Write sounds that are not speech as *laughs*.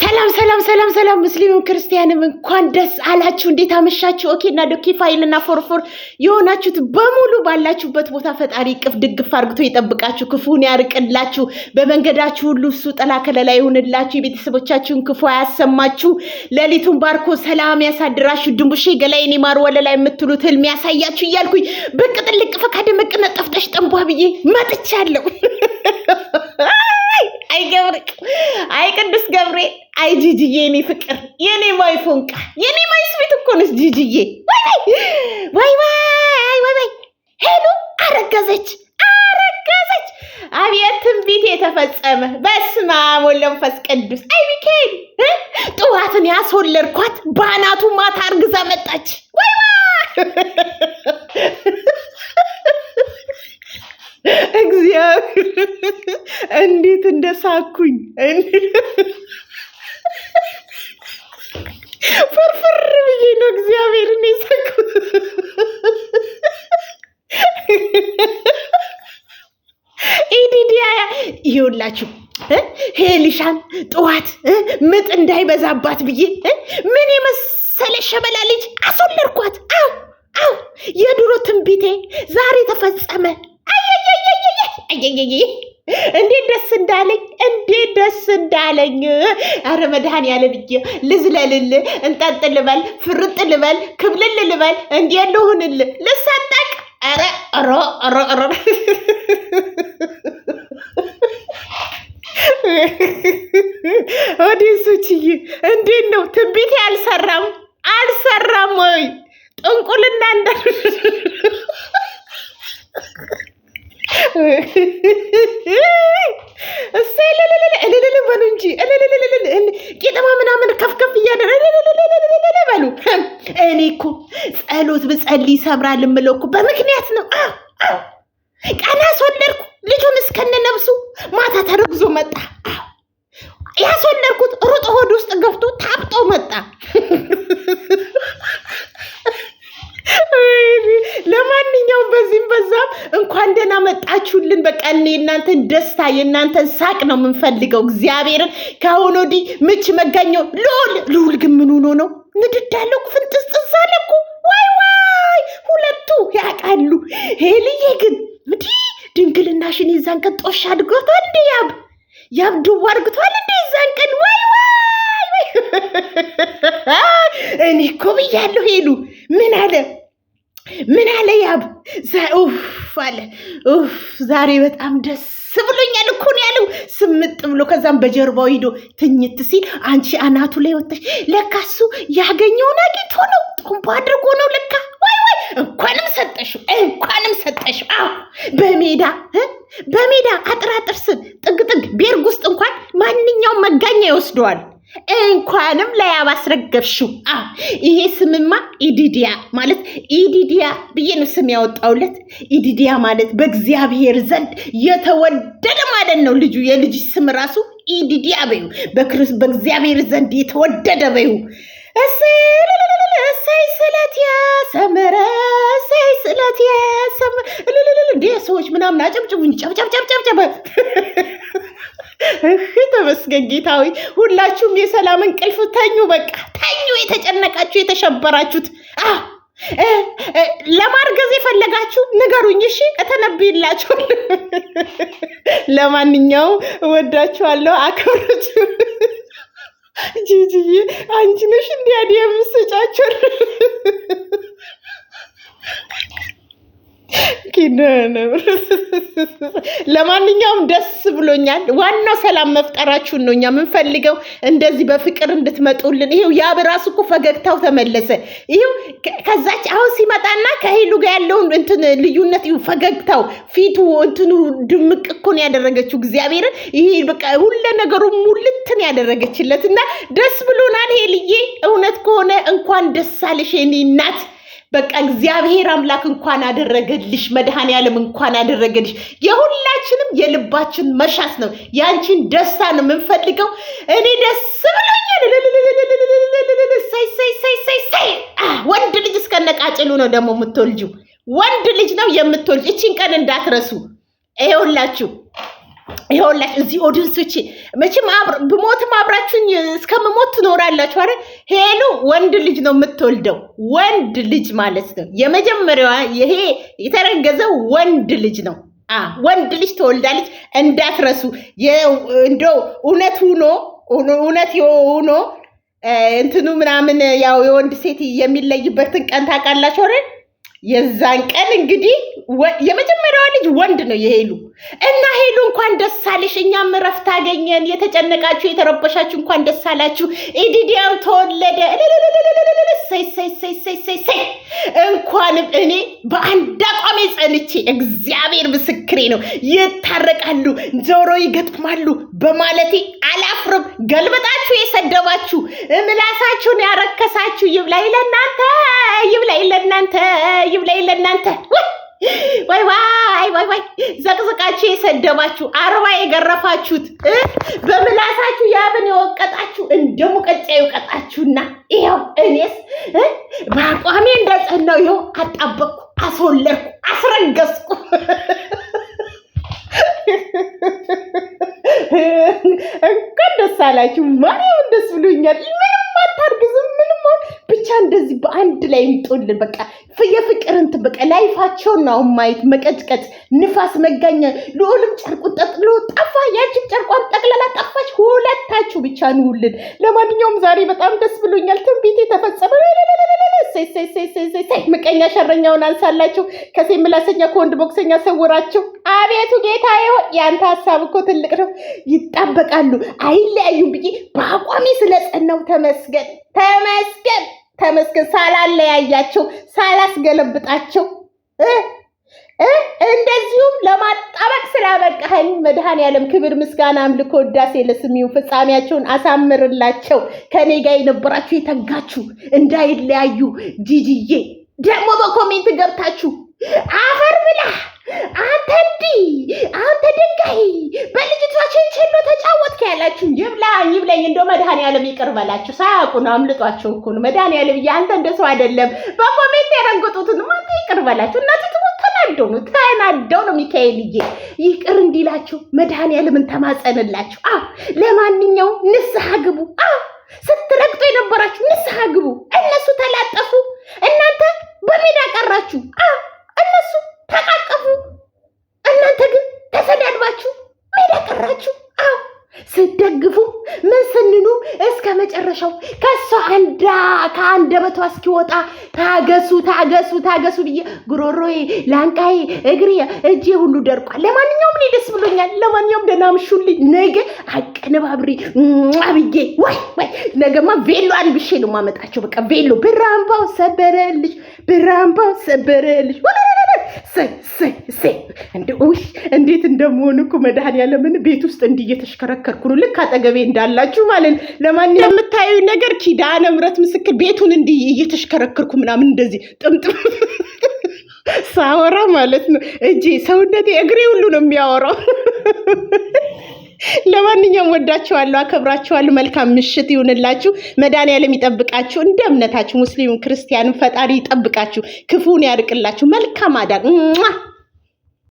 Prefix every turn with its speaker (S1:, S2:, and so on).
S1: ሰላም ሰላም ሰላም ሰላም ሙስሊምም ክርስቲያንም እንኳን ደስ አላችሁ። እንዴት አመሻችሁ? ኦኬ እና ዶኪ ፋይል እና ፎርፎር የሆናችሁት በሙሉ ባላችሁበት ቦታ ፈጣሪ ቅፍ ድግፍ አርግቶ ይጠብቃችሁ፣ ክፉን ያርቅላችሁ፣ በመንገዳችሁ ሁሉ እሱ ጥላ ከለላ ይሁንላችሁ፣ የቤተሰቦቻችሁን ክፉ አያሰማችሁ፣ ሌሊቱን ባርኮ ሰላም ያሳድራችሁ። ድንቡሼ ገላይን ማር ወለላ የምትሉት ህልም ያሳያችሁ እያልኩኝ ብቅ ጥልቅ ፈካደ ጠንቧ ብዬ መጥቻለሁ። *laughs* አይ ገብርቅ፣ አይ ቅዱስ ገብርኤል፣ አይ ጂጂዬ፣ የኔ ፍቅር፣ የኔ ማይ ፎንቃ፣ የኔ ማይ ስቤት እኮ ነች ጂጂዬ። ወይ ወይ ወይ ወይ ሄሉ አረገዘች፣ አረገዘች። አብየት ትንቢት የተፈጸመ በስመ አብ ወወልድ ወመንፈስ ቅዱስ። አይ ሚካኤል፣ ጥዋትን ያስወለድኳት በአናቱ ማታ አርግዛ መጣች። ወይ እንዴት እንደሳኩኝ ፍርፍር ብዬ ነው እግዚአብሔርን የሳኩት። ኢዲዲያ ይኸውላችሁ ሄልሻን ጠዋት ምጥ እንዳይበዛባት ብዬ ምን የመሰለ ሸበላ ልጅ አስወለድኳት። አው አው የድሮ ትንቢቴ ዛሬ ተፈጸመ። አየየየየ እንዴት ደስ እንዳለኝ እንዴት ደስ እንዳለኝ። አረ ያለ እጄ ልዝለልል፣ እንጠጥ ልበል፣ ፍርጥ ልበል፣ ክብልል ልበል፣ ልሰጠቅ። አረ ሮ ሮ ሮ እልልልል በሉ እንጂ ቄጠማ ምናምን ከፍከፍ እያለ በሉ። እኔ እኮ ጸሎት ብጸልይ ይሰምራል የምለው እኮ በምክንያት ነው። ቀን አስወለድኩ ልጁን እስከነ ማታ ተረግዞ መጣ። ያስወለድኩት ሩጦ ሆድ ውስጥ ገብቶ ታብጦ መጣ። ያመጣችሁልን በቃ የእናንተን ደስታ የእናንተን ሳቅ ነው የምንፈልገው። እግዚአብሔርን ከአሁን ወዲህ ምች መጋኘው ልዑል ልውል። ግን ምን ሆኖ ነው ንድድ ያለው ፍንጥስጥስ አለ እኮ ዋይ ዋይ ሁለቱ ያውቃሉ። ሄልዬ ግን እንዲህ ድንግልናሽን የዛን ቀን ጦሽ አድጎታል እንዲ ያብ ያብ ድዋ አድግቷል እንዲ የዛን ቀን ዋይ ዋይ *laughs* እኔ እኮ ብያለሁ። ሄሉ ምን አለ ምን አለ ያብ ኡፍ አለ። ኡፍ ዛሬ በጣም ደስ ብሎኛል እኮ ነው ያለው ስምጥ ብሎ። ከዛም በጀርባው ሂዶ ትኝት ሲል አንቺ አናቱ ላይ ወጥተሽ ለካ እሱ ያገኘውን አግኝቶ ነው ጦምቦ አድርጎ ነው ለካ። ወይ ወይ! እንኳንም ሰጠሽው፣ እንኳንም ሰጠሽው። አዎ በሜዳ በሜዳ አጥራጥር ስን ጥግጥግ ቤርግ ውስጥ እንኳን ማንኛውም መጋኛ ይወስደዋል። እንኳንም ለያብ አስረገብሽው። ይሄ ስምማ ኢዲዲያ ማለት ኢዲዲያ ብዬ ነው ስም ያወጣውለት። ኢዲዲያ ማለት በእግዚአብሔር ዘንድ የተወደደ ማለት ነው። ልጁ የልጅ ስም ራሱ ኢዲዲያ በዩ፣ በእግዚአብሔር ዘንድ የተወደደ በዩ። እሰይ ስለት ያሰምረ እሰይ ስለት ያሰምረ። ያሰመረ። ሰዎች ምናምን አጨብጭቡኝ፣ ጨብጨብጨብጨብ እህ ተመስገን ጌታዊ። ሁላችሁም የሰላም እንቅልፍ ተኙ፣ በቃ ተኙ። የተጨነቃችሁ የተሸበራችሁት፣ ለማርገዝ የፈለጋችሁ ንገሩኝ። እሺ እተነብይላችሁ። ለማንኛውም እወዳችኋለሁ፣ አከብራችሁ። ጂጂዬ አንቺ ነሽ እንዲያድ የምስጫቸው ለማንኛውም ደስ ብሎኛል። ዋናው ሰላም መፍጠራችሁን ነው እኛ የምንፈልገው። እንደዚህ በፍቅር እንድትመጡልን ይሄው ያብ ራሱ እኮ ፈገግታው ተመለሰ። ይሄው ከዛች አሁን ሲመጣና ከሄሉ ጋር ያለውን እንትን ልዩነት ፈገግታው ፊቱ እንትኑ ድምቅ እኮ ነው ያደረገችው። እግዚአብሔርን ይሄ በቃ ሁለ ነገሩ ሙልትን ያደረገችለት እና ደስ ብሎናል። ሄልዬ እውነት ከሆነ እንኳን ደስ አለሽ የኔ እናት። በቃ እግዚአብሔር አምላክ እንኳን አደረገልሽ፣ መድኃኔ ዓለም እንኳን አደረገልሽ። የሁላችንም የልባችን መሻት ነው። ያንቺን ደስታ ነው የምንፈልገው። እኔ ደስ ብሎኛል። ወንድ ልጅ እስከነቃጭሉ ነው ደግሞ የምትወልጂው። ወንድ ልጅ ነው የምትወልጅ። እቺን ቀን እንዳትረሱ ይሄውላችሁ። ይኸውላችሁ እዚህ ኦዲንሶች መቼም ብሞትም አብራችሁኝ እስከምሞት ትኖራላችሁ አረ ሄሉ ወንድ ልጅ ነው የምትወልደው፣ ወንድ ልጅ ማለት ነው። የመጀመሪያዋ ይሄ የተረገዘ ወንድ ልጅ ነው። ወንድ ልጅ ተወልዳለች፣ እንዳትረሱ። እንደው እውነት ሆኖ እውነት ሆኖ እንትኑ ምናምን ያው የወንድ ሴት የሚለይበትን ቀን ታውቃላችሁ አይደል? የዛን ቀን እንግዲህ የመጀመሪያዋ ልጅ ወንድ ነው የሄሉ እና ሄሉ እንኳን ደስ አለሽ፣ እኛም እረፍት አገኘን። የተጨነቃችሁ የተረበሻችሁ እንኳን ደስ አላችሁ። ኢዲዲያም ተወለደ። እንኳንም እኔ በአንድ አቋሜ ጸንቼ እግዚአብሔር ምስክሬ ነው፣ ይታረቃሉ፣ ጆሮ ይገጥማሉ በማለቴ አላፍርም። ገልበጣችሁ የሰደባችሁ ምላሳችሁን ያረከሳችሁ ይብላኝ ለእናንተ፣ ይብላኝ ለእናንተ ላይ ለእናንተ። ወይ ወይ ወይ ወይ ዘቅዝቃችሁ የሰደባችሁ አርባ የገረፋችሁት በምላሳችሁ ያብን የወቀጣችሁ እንደ ሙቀጫ የውቀጣችሁና ይኸው እኔስ በአቋሜ እንደጸናው ይኸው አጣበቅኩ፣ አስወለድኩ፣ አስረገዝኩ። እንኳን ደስ አላችሁ ማርያም። ደስ ብሎኛል። ምንም አታርግዝም ምንም ብቻ እንደዚህ በአንድ ላይ ይምጡልን። በቃ የፍቅር እንትን በቃ ላይፋቸውን ነው ማየት፣ መቀጭቀጭ፣ ንፋስ መጋኛ። ልዑልም ጨርቁ ጠቅሎ ጠፋ፣ ያችን ጨርቋን ጠቅላላ ጠፋች። ሁለታችሁ ብቻ ንውልን። ለማንኛውም ዛሬ በጣም ደስ ብሎኛል፣ ትንቢቴ ተፈጸመ። ምቀኛ ሸረኛውን አንሳላችሁ፣ ከሴ ምላሰኛ ከወንድ ቦክሰኛ ሰውራችሁ። አቤቱ ጌታ ይሆን የአንተ ሀሳብ እኮ ትልቅ ነው። ይጣበቃሉ፣ አይለያዩም ብዬ በአቋሚ ስለጸናው ተመስገን ተመስገን። ተመስገን ሳላለያያቸው ሳላስገለብጣቸው እንደዚሁም ለማጣበቅ ስላበቃኸኝ መድኃኔዓለም ክብር፣ ምስጋና፣ አምልኮ፣ ውዳሴ ለስሚው። ፍጻሜያቸውን አሳምርላቸው። ከኔ ጋር የነበራችሁ የተጋችሁ እንዳይለያዩ። ጂጂዬ ደግሞ በኮሜንት ገብታችሁ አፈር ብላ አንተ እንዲህ አንተ ድንጋይ በልጅቷችን ችሎ ተጫወትክ ያላችሁ ይብላኝ ይብላኝ። እንደው መድኃኒዓለም ይቅር በላችሁ። ሳያውቁ ነው አምልጧቸው እኮ ነው። መድኃኒዓለም አንተ እንደ ሰው አይደለም። በኮሜንት የረንግጡትን አንተ ይቅር በላችሁ። እናት ተናደው ነው ተናደው ነው ሚካኤልዬ ይቅር እንዲላችሁ መድኃኒዓለምን ተማጸንላችሁ። አ ለማንኛውም ንስሐ ግቡ። አ ስትረግጡ የነበራችሁ ንስሐ ግቡ። እነሱ ተላጠፉ እና መጨረሻው ከሷ አንዳ ከአንደበቷ እስኪወጣ ታገሱ፣ ታገሱ፣ ታገሱ ብዬ ጉሮሮዬ፣ ላንቃዬ፣ እግሬ፣ እጄ ሁሉ ደርቋል። ለማንኛውም እኔ ደስ ብሎኛል። ለማንኛውም ደህና ምሹልኝ። ነገ አቀነባብሬ አብዬ ወይ ወይ ነገማ ቬሎ አንብሼ ነው የማመጣቸው። በቃ ቬሎ ብራምባው ሰበረልሽ፣ ብራምባው ሰበረልሽ። ሰይ ሰይ ሰይ እንዴት እንደመሆን እኮ መድኃኒዓለምን ቤት ውስጥ እንዲህ እየተሽከረከርኩ ነው፣ ልክ አጠገቤ እንዳላችሁ ማለት። ለማንኛውም የምታዩ ነገር ኪዳነ ምሕረት ምስክር ቤቱን እንዲህ እየተሽከረከርኩ ምናምን እንደዚህ ጥምጥም *laughs* ሳወራ ማለት ነው እጄ፣ ሰውነቴ፣ እግሬ ሁሉ ነው የሚያወራው። *laughs* ለማንኛውም ወዳችኋለሁ፣ አከብራችኋለሁ። መልካም ምሽት ይሁንላችሁ። መድኃኒዓለም ይጠብቃችሁ፣ እንደ እምነታችሁ ሙስሊሙ ክርስቲያንም ፈጣሪ ይጠብቃችሁ፣ ክፉን ያርቅላችሁ። መልካም አዳር